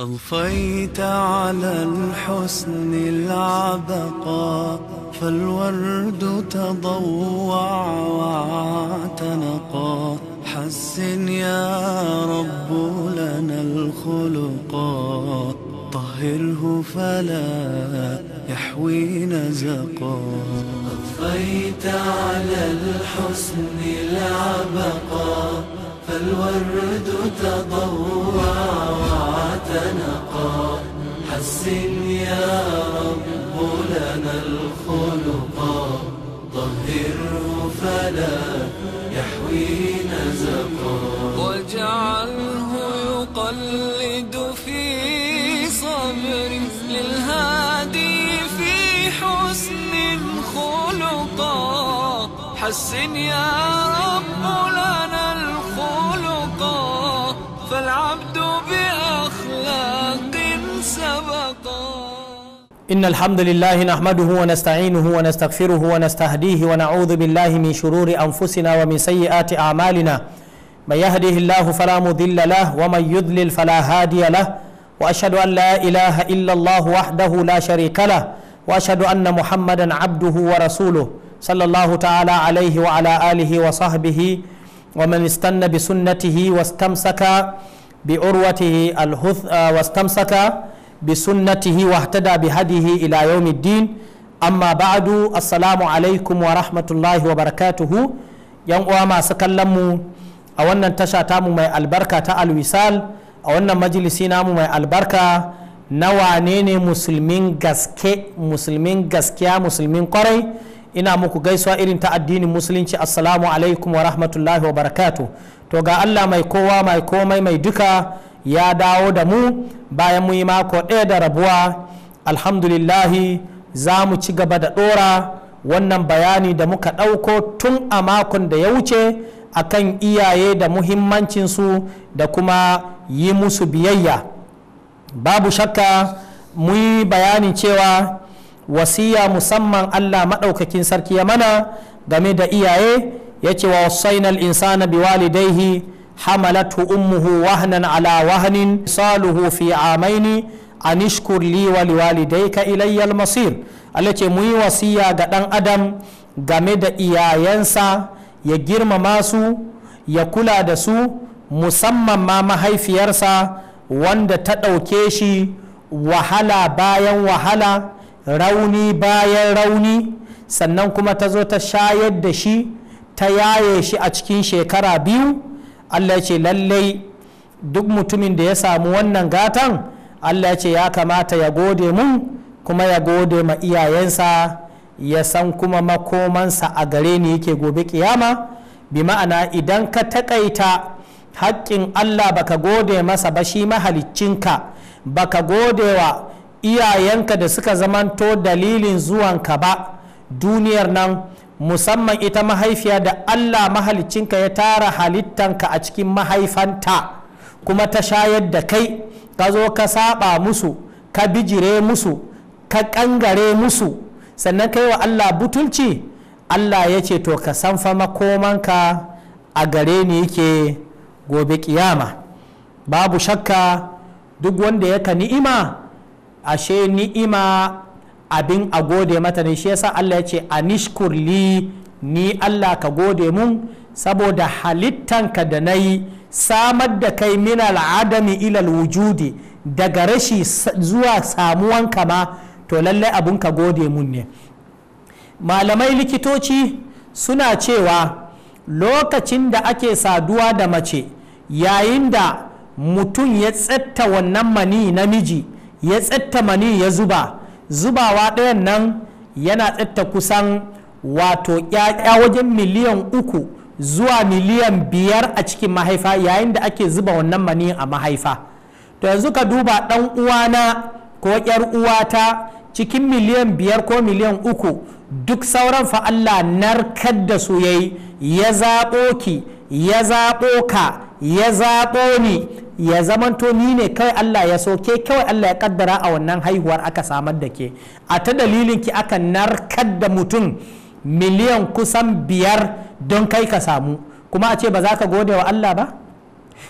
أضفيت على الحسن العبقا فالورد تضوع واعتنقا حسن يا رب لنا الخلقا طهره فلا يحوي نزقا أضفيت على الحسن العبقا فالورد تضوع تنقى حسن يا رب لنا الخلقا طهره فلا يحوي نزقا واجعله يقلد في صبر للهادي في حسن خلقا حسن يا رب لنا الخلقا فالعبد إن الحمد لله نحمده ونستعينه ونستغفره ونستهديه ونعوذ بالله من شرور أنفسنا ومن سيئات أعمالنا من يهده الله فلا مضل له ومن يضلل فلا هادي له وأشهد أن لا إله إلا الله وحده لا شريك له وأشهد أن محمدا عبده ورسوله صلى الله تعالى عليه وعلى آله وصحبه ومن استنى بسنته واستمسك بعروته الهث آه، واستمسك بسنته واهتدى بهديه إلى يوم amma ba'adu بعد السلام wa ورحمة wa وبركاته yan uwa masu kallon mu a wannan tasha mu mai albarka ta alwisal a wannan majalisi namu mai albarka na wane ne musulmin gaske musulmin gaskiya musulmin kwarai ina muku gaisuwa irin ta addinin musulunci assalamu alaikum wa rahmatullahi wa barakatu to ga allah mai kowa mai komai mai duka ya dawo da mu bayan mu yi mako ɗaya da rabuwa alhamdulillahi za mu ci gaba da ɗora wannan bayani da muka ɗauko tun a makon da ya wuce akan iyaye da muhimmancinsu da kuma yi musu biyayya babu shakka mu yi bayanin cewa wasiya musamman allah maɗaukakin sarki ya mana game da iyaye ya ce wa wasainal insana biwalidaihi hamalatu umuhu wahnan ala wahnin saluhu fi amaini an ishkur li wa liwalidayka ilayya masir Allah ce mu yi wasiya ga ɗan adam game da iyayensa ya girmama su ya kula da su musamman ma mahaifiyarsa wanda ta ɗauke shi wahala bayan wahala rauni bayan rauni sannan kuma ta zo ta shayar da shi ta yaye shi a cikin shekara biyu allah ya ce lallai duk mutumin da ya samu wannan gatan allah ya ce ya kamata ya gode mun kuma ya gode ma iyayensa ya san kuma makomansa a gare ni yake gobe kiyama bi ma'ana idan ka takaita haƙƙin allah baka gode masa ba shi mahaliccinka baka gode wa iyayenka da suka zamanto dalilin zuwanka ba duniyar nan musamman ita mahaifiya da allah mahalicinka ya tara halittanka a cikin mahaifanta kuma ta shayar da kai ka zo ka saba musu ka bijire musu ka kangare musu sannan kai wa allah butulci allah ya ce to ka san fama makomanka a gare ni yake gobe kiyama babu shakka duk wanda ya ka ni'ima ashe ni'ima abin a gode mata ne shi yasa Allah ya ce anishkurli ni Allah ka gode mun saboda halittanka da na yi samar da kai min al'adami ilal wujudi daga rashi zuwa samuwan kama to lallai abun ka gode mun ne malamai likitoci suna cewa lokacin da ake saduwa da mace yayin da mutum ya tsatta wannan mani namiji ya tsatta mani ya zuba zubawa ɗayan nan yana tsatta kusan wato ƴaƴa wajen miliyan uku zuwa miliyan biyar a cikin mahaifa yayin da ake zuba wannan mani a mahaifa to yanzu ka duba ɗan uwana ko ƴar uwata cikin miliyan biyar ko miliyan uku duk sauran fa Allah narkar da su yayi ya zaɓo ki ya zaɓo ka ya zaɓo ni ya zamanto ni ne kawai Allah ya so kawai Allah ya kaddara a wannan haihuwar aka samar da ke a ta dalilin ki aka narkar da mutum miliyan kusan biyar don kai ka samu kuma a ce ba za ka gode wa Allah ba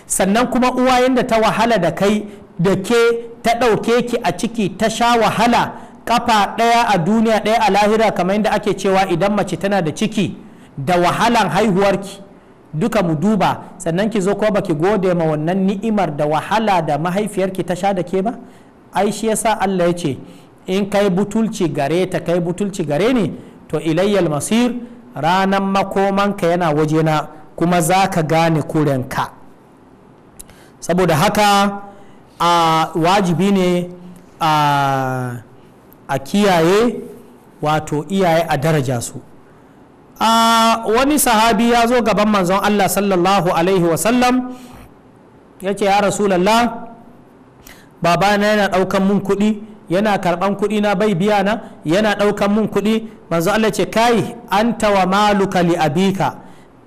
sannan kuma uwa yadda ta wahala da kai da ke ta ɗauke ki a ciki ta sha wahala kafa ɗaya a duniya ɗaya a lahira kamar yadda ake cewa idan mace tana da ciki da wahalan haihuwarki duka mu duba sannan ki zo ko baki gode ma wannan ni'imar da wahala da mahaifiyarki ta sha da ke ba ai shi yasa Allah ya ce in kai butulci gare ta kai butulci gare ni to ilayyal masir ranan ka yana wajena kuma za ka gane kurenka saboda haka a wajibi ne a kiyaye wato iyaye a daraja su Ah, wani sahabi ya zo gaban manzon Allah sallallahu alaihi wasallam ya ce ya rasulallah babana yana ɗaukan mun kuɗi yana karban kuɗi na bai biya na yana ɗaukan mun kuɗi manzon Allah ce kai anta wa maluka li abika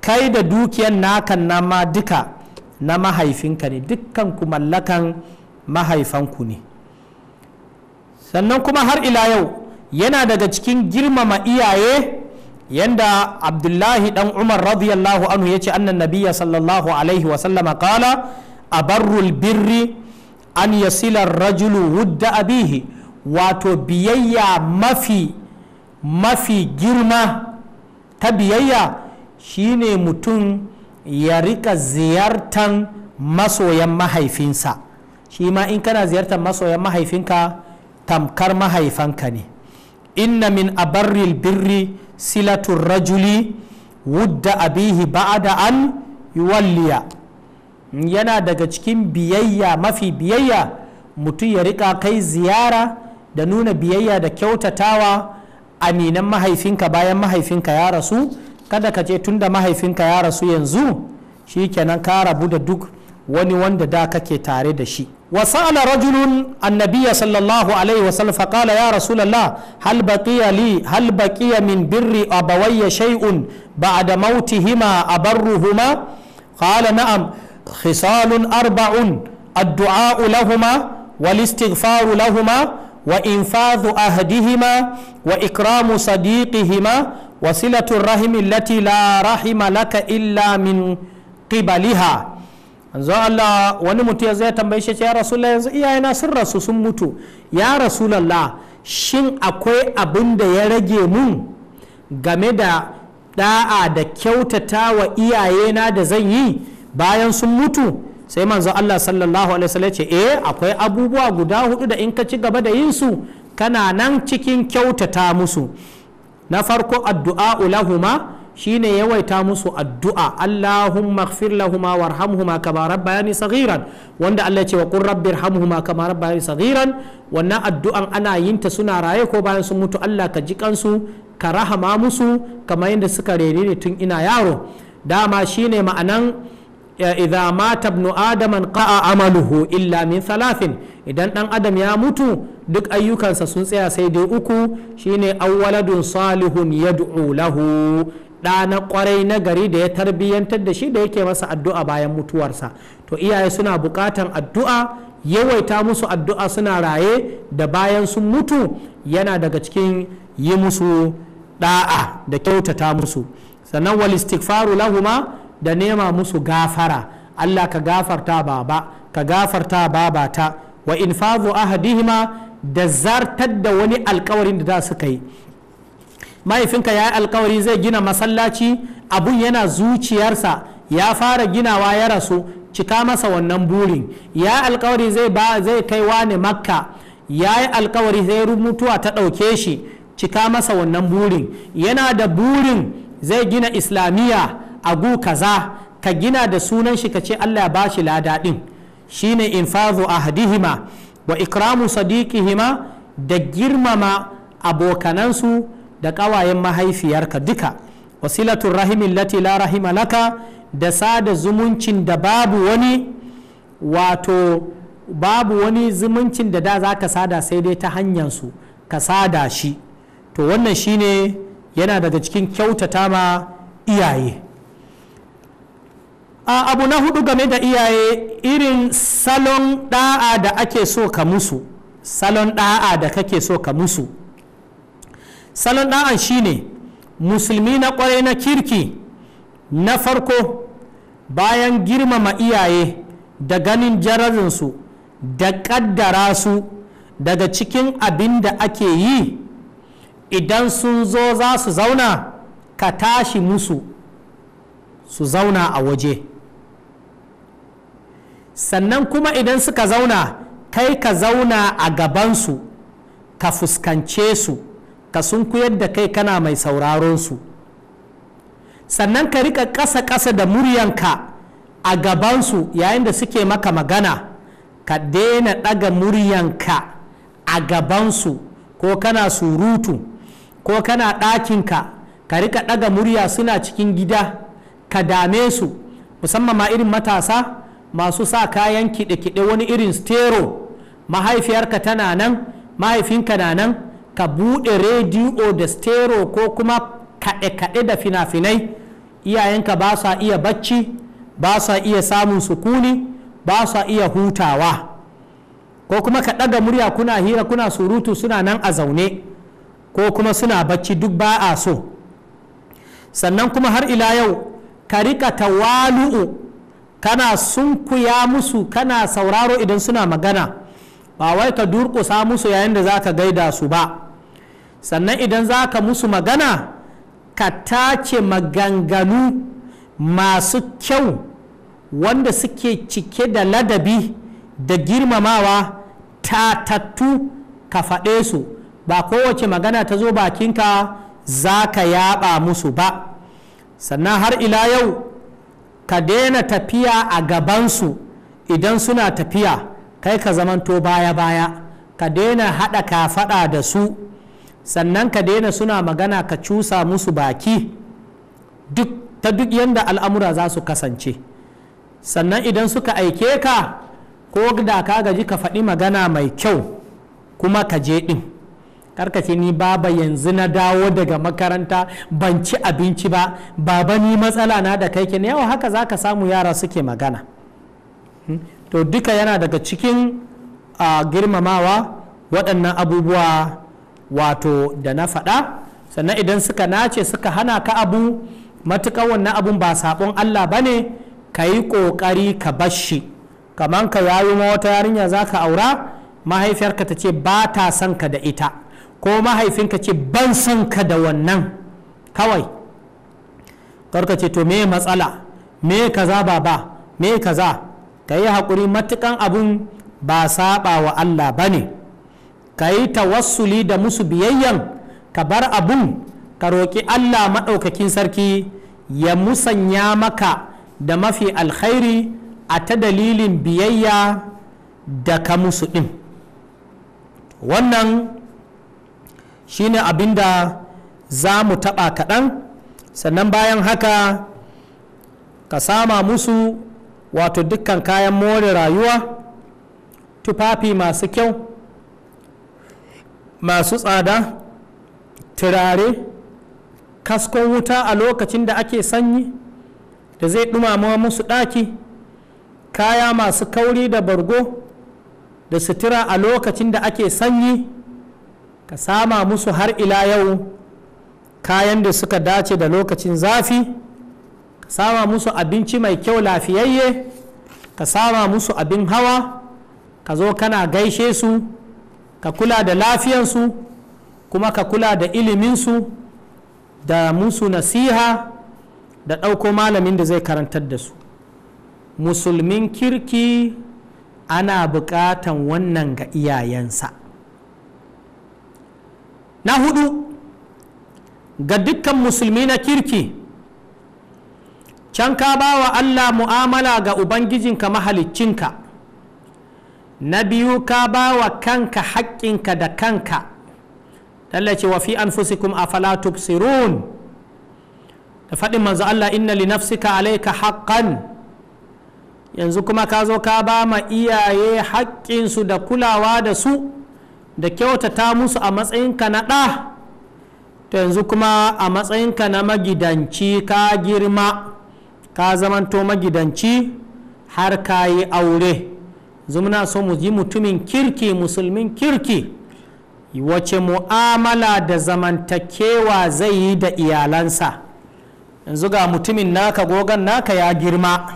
kai da dukiyan nakan na ma duka na mahaifinka ne dukkan ku mallakan mahaifanku ne sannan kuma har ila yau yana daga cikin girmama iyaye yanda abdullahi dan umar radiyallahu anhu ya ce annan nabiya sallallahu alaihi wasallama kala a barrul birri an yasila rajulu wudda abihi wato biyayya mafi mafi girma ta biyayya shine mutum ya rika ziyartan masoyan mahaifinsa shi ma in kana ziyartar masoyan mahaifinka tamkar mahaifanka ne inna min abarril birri silatun rajuli wudda abihi ba'ada an yuwalliya yana daga cikin biyayya mafi biyayya mutum ya rika kai ziyara da nuna biyayya da kyautatawa aminan mahaifinka bayan mahaifinka ya rasu kada ka je tunda mahaifinka ya rasu yanzu shikenan ka rabu da duk wani wanda da kake tare da shi وسأل رجل النبي صلى الله عليه وسلم فقال يا رسول الله هل بقي لي هل بقي من بر أبوي شيء بعد موتهما أبرهما قال نعم خصال أربع الدعاء لهما والاستغفار لهما وإنفاذ أهدهما وإكرام صديقهما وصلة الرحم التي لا رحم لك إلا من قبلها manzon Allah wani mutum zai tambaye shi ya rasulullah yanzu iyayena sun rasu sun mutu ya rasulullah shin akwai abin da ya rage mun game da da'a da kyautata wa iyayena da zan yi bayan sun mutu sai manzo Allah sallallahu alaihi wasallam ce eh akwai abubuwa guda hudu da in ka ci gaba da yin su kana nan cikin kyautata musu na farko addu'a lahuma shine yawaita musu addu'a Allahumma ighfir lahumma warhamhuma kama rabbayani saghiran wanda Allah ya ce wa qur rabbirhamhuma kama rabbayani saghiran wannan addu'an ana yin ta suna raye ko bayan sun mutu Allah ka ji kansu ka rahama musu kamar yadda suka rere ne tun ina yaro dama shine ma'anan idza mata ibnu adaman qa'a amaluhu illa min thalathin idan dan adam ya mutu duk ayyukansa sun tsaya sai dai uku shine awwaladun salihun yad'u lahu ɗa na kwarai na gari da ya tarbiyyantar da shi da yake masa addu'a bayan mutuwarsa to iyaye suna buƙatan addu'a yawaita musu addu'a suna raye da bayan sun mutu yana daga cikin yi musu ɗa'a da kyautata musu sannan wal istighfaru lahuma da nema musu gafara Allah ka gafarta baba ka gafarta babata wa infazu ahadihima da zartar da wani alkawarin da za su kai mahaifinka ya yi alkawari zai gina masallaci abun yana zuciyarsa ya fara ginawa ya rasu cika masa wannan burin ya yi alkawari zai ba zai kai wani makka ya yi alkawari zai mutuwa ta ɗauke shi cika masa wannan burin yana da burin zai gina islamiyya a gu kaza ka gina da sunan shi ka ce allah ya ladaɗin shi lada shine infazu ahdihima wa ikramu sadiqihima da girmama abokanansu da ƙawayen mahaifiyarka duka wasilatun rahimin lati la rahima laka da sada zumuncin da babu wani wato babu wani zumuncin da da za ka sada sai dai ta hanyarsu ka sada shi to wannan shine yana daga cikin kyautata ma iyaye a abu na hudu game da iyaye irin salon da'a da ake so ka musu salon da'a da kake so ka musu salon ɗa'an shine musulmi na ƙwarai na kirki na farko bayan girmama iyaye da ganin jararinsu da ƙaddara su daga cikin abin da ake yi idan sun zo za su zauna ka tashi musu su zauna a waje sannan kuma idan suka zauna kai ka zauna a gabansu ka fuskance su ka sunkuyar da kai kana mai sauraron su sannan ka rika ƙasa ƙasa da muryanka a gabansu yayin da suke maka magana ka daina ɗaga muryanka a gabansu ko kana surutu ko kana ɗakinka ka rika ɗaga murya suna cikin gida ka dame su musamman ma irin matasa masu sa kayan kiɗe-kiɗe wani irin stero mahaifiyarka tana nan mahaifinka na nan ka buɗe rediyo da stero ko kuma kaɗe-kaɗe da fina-finai iyayenka ba sa iya bacci ba sa iya samun sukuni ba sa iya hutawa ko kuma ka ɗaga murya kuna hira kuna surutu suna nan a zaune ko kuma suna bacci duk ba a so sannan kuma har ila yau ka rika tawalu'u kana sunkuya musu kana sauraro idan suna magana ba wai ka durƙusa musu yayin da za ka gaida su ba sannan idan za ka musu magana ka tace maganganu masu kyau wanda suke cike da ladabi da girmamawa tatattu ka faɗe su ba kowace magana ta zo bakinka za ka yaɓa musu ba sannan har ila yau ka daina tafiya a gabansu idan suna tafiya kai ka zamanto baya-baya ka daina haɗa kafaɗa da su sannan ka daina suna magana ka cusa musu baki duk ta duk yadda al'amura za su kasance sannan idan suka aike ka ko da ka gaji ka faɗi magana mai kyau kuma ka je ɗin karkace ni baba yanzu na dawo daga makaranta ban ci abinci ba baba ni matsala na da kai ne yawa haka za ka samu yara suke magana hmm? to duka yana daga cikin a girmamawa waɗannan abubuwa wato da na faɗa sannan idan suka nace suka hana ka abu matuƙar wannan abun ba saɓon allah ba ne ka yi ƙoƙari ka bashi kamar ka yayi ma wata yarinya za ka aura mahaifiyarka ta ce ba ta son ka da ita ko mahaifinka ce ban son ka da wannan kawai karka ce to me matsala me kaza ba ba me kaza ka yi haƙuri matukan abun ba saɓa wa Allah ba ne ka yi tawassuli da musu biyayyan ka bar abun ka roƙi Allah maɗaukakin sarki ya musanya maka da mafi alkhairi a ta dalilin biyayya da ka musu ɗin wannan shine abin da za mu taɓa kaɗan sannan bayan haka ka sama musu wato dukkan kayan more rayuwa tufafi masu kyau masu tsada turare kaskon wuta a lokacin da ake sanyi da zai dumama musu ɗaki kaya masu kauri da bargo da sutura a lokacin da ake sanyi ka sama musu har ila yau kayan da suka dace da lokacin zafi sama musu abinci mai kyau lafiyayye ka sama musu abin hawa ka zo kana gaishe su ka kula da lafiyansu kuma ka kula da iliminsu da musu nasiha da ɗauko malamin da zai karantar da su musulmin kirki ana buƙatan wannan ga iyayensa na hudu ga dukkan musulmi na kirki can ka ba wa Allah mu'amala ga Ubangijinka mahaliccinka na biyu ka ba wa kanka haƙƙinka da kanka tallace wa fi anfusikum afala tubsirun da faɗin manzo Allah inna li nafsika alayka haqqan yanzu kuma ka zo ka ba ma iyaye haƙƙinsu da kulawa da su da kyautata musu a matsayinka na ɗa to yanzu kuma a matsayinka na magidanci ka girma ka zamanto magidanci har ka yi aure zumna so mu yi mutumin kirki musulmin kirki wace mu'amala da zamantakewa zai yi da iyalansa yanzu ga mutumin naka gogan naka ya girma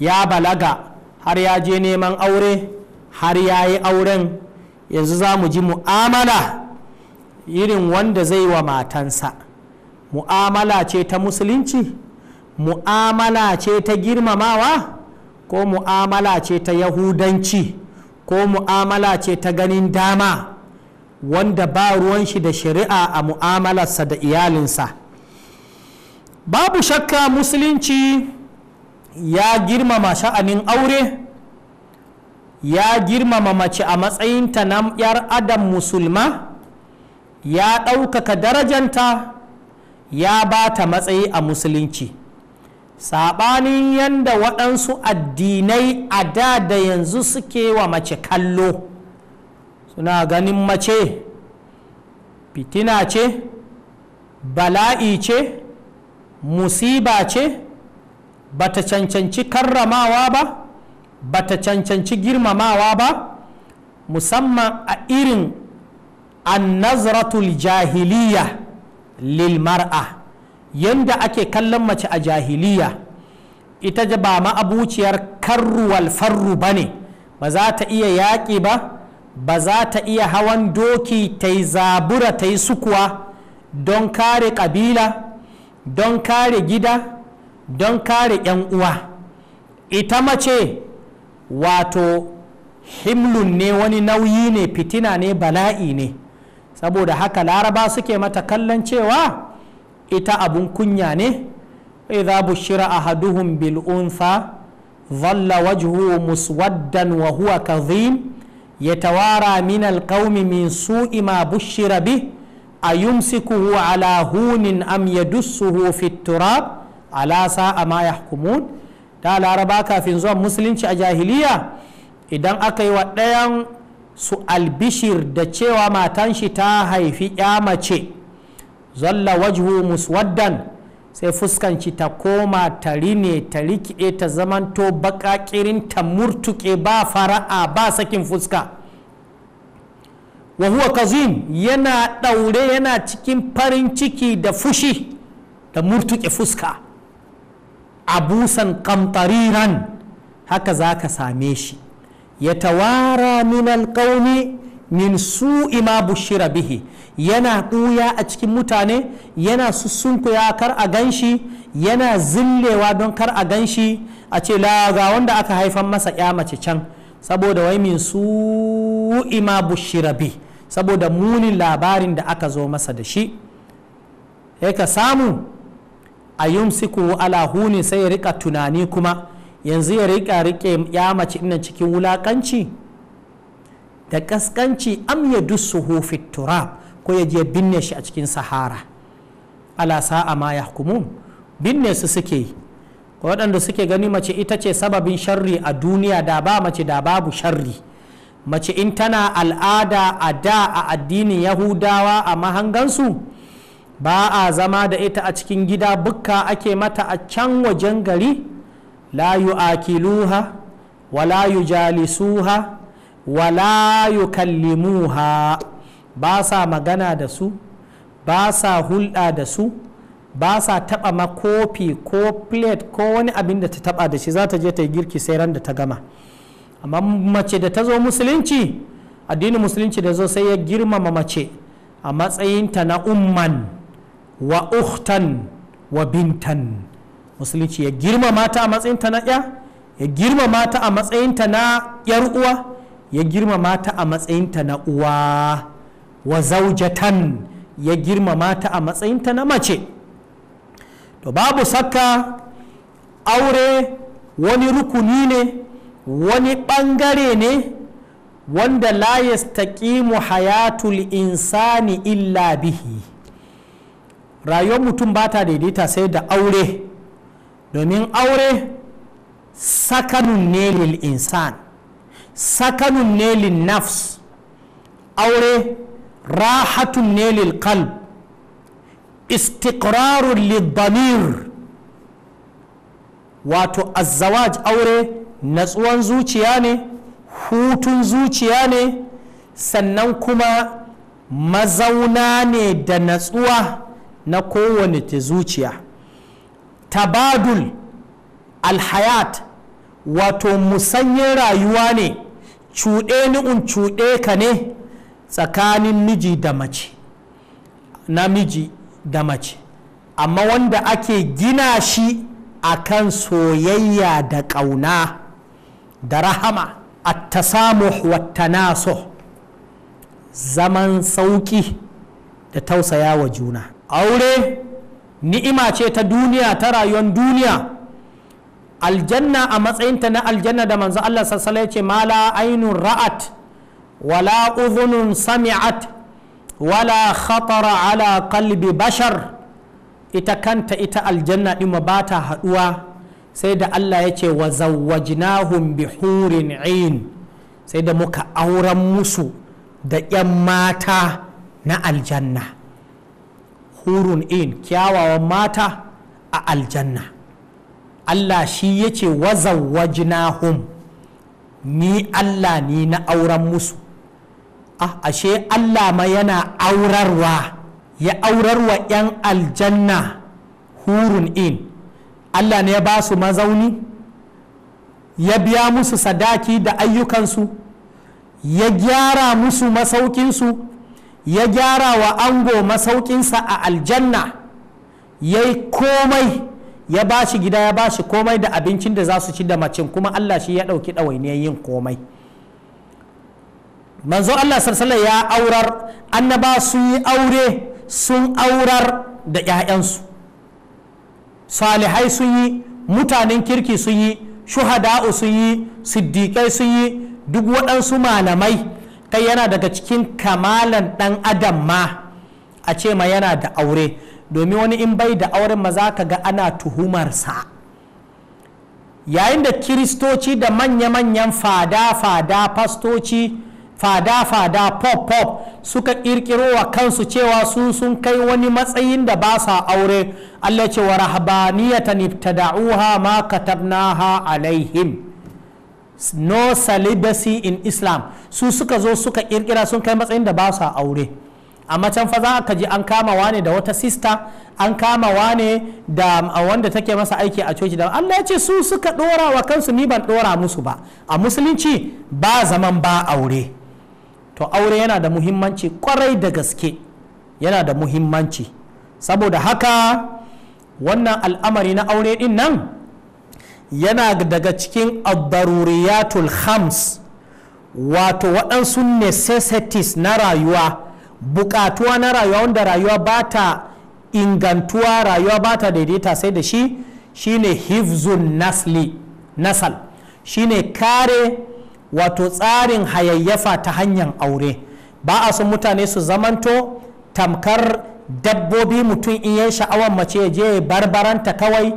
ya balaga har ya je neman aure har ya yi auren yanzu za mu ji mu'amala irin wanda zai wa matansa mu'amala ce ta musulunci mu'amala ce ta girmamawa ko mu'amala ce ta yahudanci ko mu'amala ce ta ganin dama wanda ba ruwan shi da shari'a a mu'amalarsa da iyalinsa babu shakka musulunci ya girmama sha'anin aure ya girmama mace a matsayinta na 'yar adam musulma ya ɗaukaka darajanta ya ba ta matsayi a musulunci saɓanin yadda waɗansu addinai a da da yanzu suke wa mace kallo suna ganin mace fitina ce bala'i ce musiba ce bata cancanci karramawa ba bata cancanci girmamawa ba musamman a irin annazratul jahiliya lil mar'a yanda ake kallon mace a jahiliya ita ba ma'abuciyar karruwal farru ba ne ba za ta iya yaƙi ba ba za ta iya hawan doki ta yi zabura ta yi sukuwa don kare ƙabila don kare gida don kare 'yan uwa ita mace wato himlun ne wani nauyi ne fitina ne bala'i ne saboda haka laraba suke mata kallon cewa ita abun kunya ne idza bushira ahaduhum bil untha dhalla wajhuhu muswaddan wa huwa kadhim yatawara min al qaumi min su'i ma bushira bih ayumsikuhu ala hunin am yadussuhu fi turab ala sa'a ma yahkumun da laraba kafin zuwa musulunci a jahiliya idan aka yi wa ɗayan su albishir da cewa matan shi ta haifi ya mace zalla wajhu muswaddan sai fuskanci ta koma ta rine ta rikide ta zamanto bakakirin ta murtuke ba fara'a ba sakin fuska wa huwa kazim yana daure yana cikin farin ciki da fushi da murtuke fuska abusan kamtariran haka za ka same shi ya tawara min alƙauni min su ima bushira bihi yana ɓuya a cikin mutane yana sussunkuya kar a ganshi yana zillewa don kar a ganshi a ce la ga wanda aka haifan masa ya mace can saboda wai min su ima bushira bihi saboda munin labarin da aka zo masa da shi ya ka samu a yumsiku ala huni sai ya rika tunani kuma yanzu ya rika rike ya mace ina cikin wulakanci da kaskanci am ya dussuhu turab ko ya je binne shi a cikin sahara ala sa'a ma kumu binne su suke yi waɗanda suke gani mace ita ce sababin sharri a duniya da ba mace da babu sharri mace in tana al'ada a da a addinin yahudawa a mahangansu ba a zama da ita a cikin gida bukka ake mata a can wajen gari la yu'akiluha wa la yujalisuha wala yukallimuha ba sa magana da su ba sa hulɗa da su ba sa taɓa ma kofi ko plate ko wani abin da ta taɓa da shi za ta je ta yi girki sai ran da ta gama amma mace da ta zo musulunci addinin musulunci da zo sai ya girmama mace a matsayinta na umman wa uhtan wa bintan musulunci ya girmama ta a matsayinta na ya ya girmama ta a matsayinta na yar uwa ya girmama ta a matsayinta na uwa wa zaujatan ya girmama ta a matsayinta na mace to babu saka aure wani rukuni ne wani ɓangare ne wanda la yastaqimu hayatul insani illa bihi rayuwar mutum ba ta daidaita sai da aure domin aure sakanun ne lil insan sakanun nelin nafs aure rahatun ne qalb istiqrarun wato azawaj aure natsuwan zuciya ne hutun zuciya ne sannan kuma mazauna ne da natsuwa na kowane ta zuciya tabadul alhayat wato musanyen rayuwa ne cuɗe nu'un cuɗe ka ne tsakanin miji da mace namiji da mace amma wanda ake gina shi a kan soyayya da ƙauna da rahama attasamuh wattanaso zaman sauƙi da tausaya wa juna aure ni'ima ce ta duniya ta rayuwar duniya aljanna a matsayinta na aljanna da manzo Allah sassala ya ce mala ainun ra'at wala uzunun sami'at wala khatara ala kalbi bashar ita kanta ita aljanna ɗin ba ta haɗuwa sai da Allah ya ce wa zawwajnahum bi hurin ain sai da muka auren musu da 'yan mata na aljanna hurun in kyawawan mata a aljanna Allah shi yace hum ni Allah ni na auren musu ah ashe Allah ma yana aurarwa ya aurarwa 'yan aljanna hurun in Allah ne ya ba su mazauni ya biya musu sadaki da ayyukansu ya gyara musu masaukinsu ya gyara wa ango masaukinsa a aljanna ya yi komai ya ba shi gida ya ba shi komai da abincin da za su ci da macin kuma Allah shi ya ɗauki ɗawainiyar yin komai manzo Allah sarsala ya aurar annaba sun yi aure sun aurar da 'ya'yansu salihai sun yi mutanen kirki sun yi shuhada'u sun yi siddiƙai sun yi duk waɗansu malamai kai yana daga cikin kamalan ɗan adam ma a ce ma yana da aure domin wani in bai da auren maza ka ga ana tuhumarsa yayin da kiristoci da manya-manyan fada-fada fastoci fada-fada pop-pop suka kirkiro wa kansu cewa su sun kai wani matsayin da ba sa aure allah cewa rahabaniyatan ibtada'uha ma katabnaha alaihim no celibacy in islam su suka zo suka kirkira sun kai matsayin da ba sa aure a can fa za ka ji an kama wane da wata sista an kama wane da wanda take masa aiki a coci da Allah ya ce su suka dora wa kansu ni ban dora musu ba a musulunci ba zaman ba aure to aure yana da muhimmanci kwarai da gaske yana da muhimmanci saboda haka wannan al'amari na aure din nan yana daga cikin abdaruriyatul khams wato waɗansu necessities na rayuwa bukatuwa na rayuwa wanda rayuwa ba ta ingantuwa rayuwa ba ta daidaita sai da shi shine hifzun nasli nasal shine kare wato tsarin hayayyafa ta hanyar aure ba a son mutane su zamanto tamkar dabbobi mutum in yan sha'awar mace ya je barbaranta kawai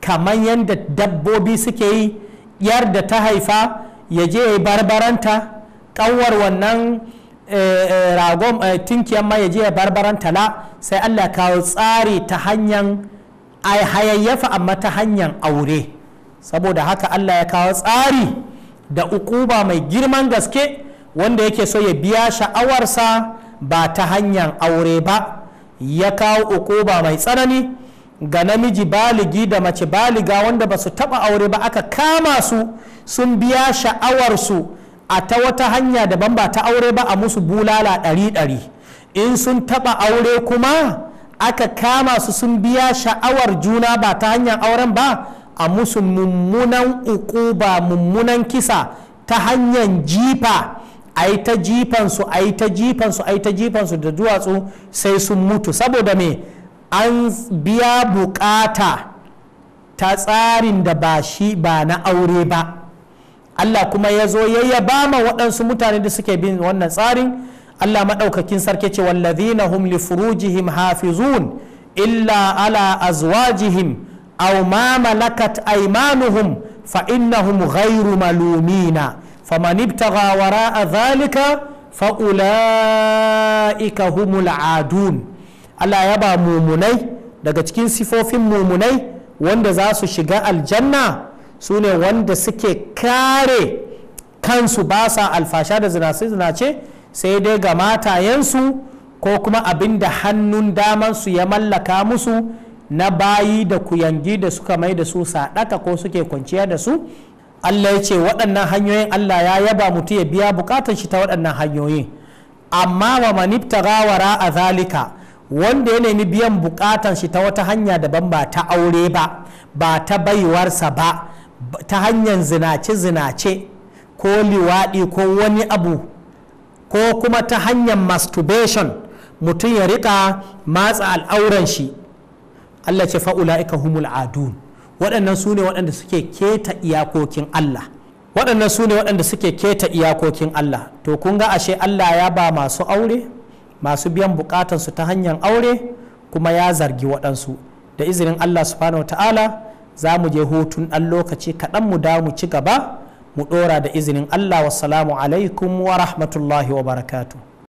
kamar yadda dabbobi suke yi yar da ta haifa ya je ya barbaranta ƙanwar wannan Eh, eh, ragon eh, tinkiyar ma ya je ya barbaran tala sai Allah kawo tsari ta hanyar hayayyafa amma ta hanyar aure saboda haka Allah ya kawo tsari da ukuba mai girman gaske wanda yake so ya biya sha'awarsa ba ta hanyar aure ba ya kawo ukuba mai tsanani ga namiji baligi da mace baliga wanda ba su taba aure ba aka kama su sun biya sha'awarsu a ta wata hanya daban ba ta aure ba a musu bulala ɗari ɗari in sun taɓa aure kuma aka kama su sun biya sha'awar juna ba ta hanyar auren ba a musu mummunan uku ba mummunan kisa ta hanyar jifa a yi ta jifansu a yi ta jifansu a ta jifansu da duwatsu sai sun mutu saboda me an biya bukata ta tsarin da ba shi ba na aure ba Allah kuma ya zo ya ba ma waɗansu mutane da suke bin wannan tsarin Allah maɗaukakin sarki ce wallazina hum li furujihim hafizun illa ala azwajihim aw ma malakat aymanuhum fa innahum ghairu malumina faman ibtagha wara'a dhalika fa ulaika humul adun Allah ya ba mumunai daga cikin sifofin mumunai wanda za su shiga aljanna su ne wanda suke kare kansu ba sa alfasha da zinace-zinace sai dai ga matayensu ko kuma abin da hannun damansu ya mallaka musu na bayi da kuyangi da suka mai da su saɗaka ko suke kwanciya da su allah ya ce waɗannan hanyoyin allah ya yaba mutu ya biya bukatar shi ta waɗannan hanyoyin amma wa manifta gawara a zalika wanda ya nemi biyan bukatar shi ta wata hanya daban ba ta aure ba ba ta baiwarsa ba ta hanyar zinace-zinace ko liwaɗi ko wani abu ko kuma ta hanyar masturbation mutum ya riƙa matsa al'auran shi Allah ce fa'ula ika humul adun waɗannan su ne waɗanda suke keta iyakokin Allah waɗannan su ne waɗanda suke keta iyakokin Allah to kun ga ashe Allah ya ba masu aure masu biyan bukatansu ta hanyar aure kuma ya zargi waɗansu da izinin Allah subhanahu wa ta'ala za mu je hutun ɗan lokaci kaɗan mu da mu ci gaba mu ɗora da izinin allah salamu alaikum wa rahmatullahi wa barakatuh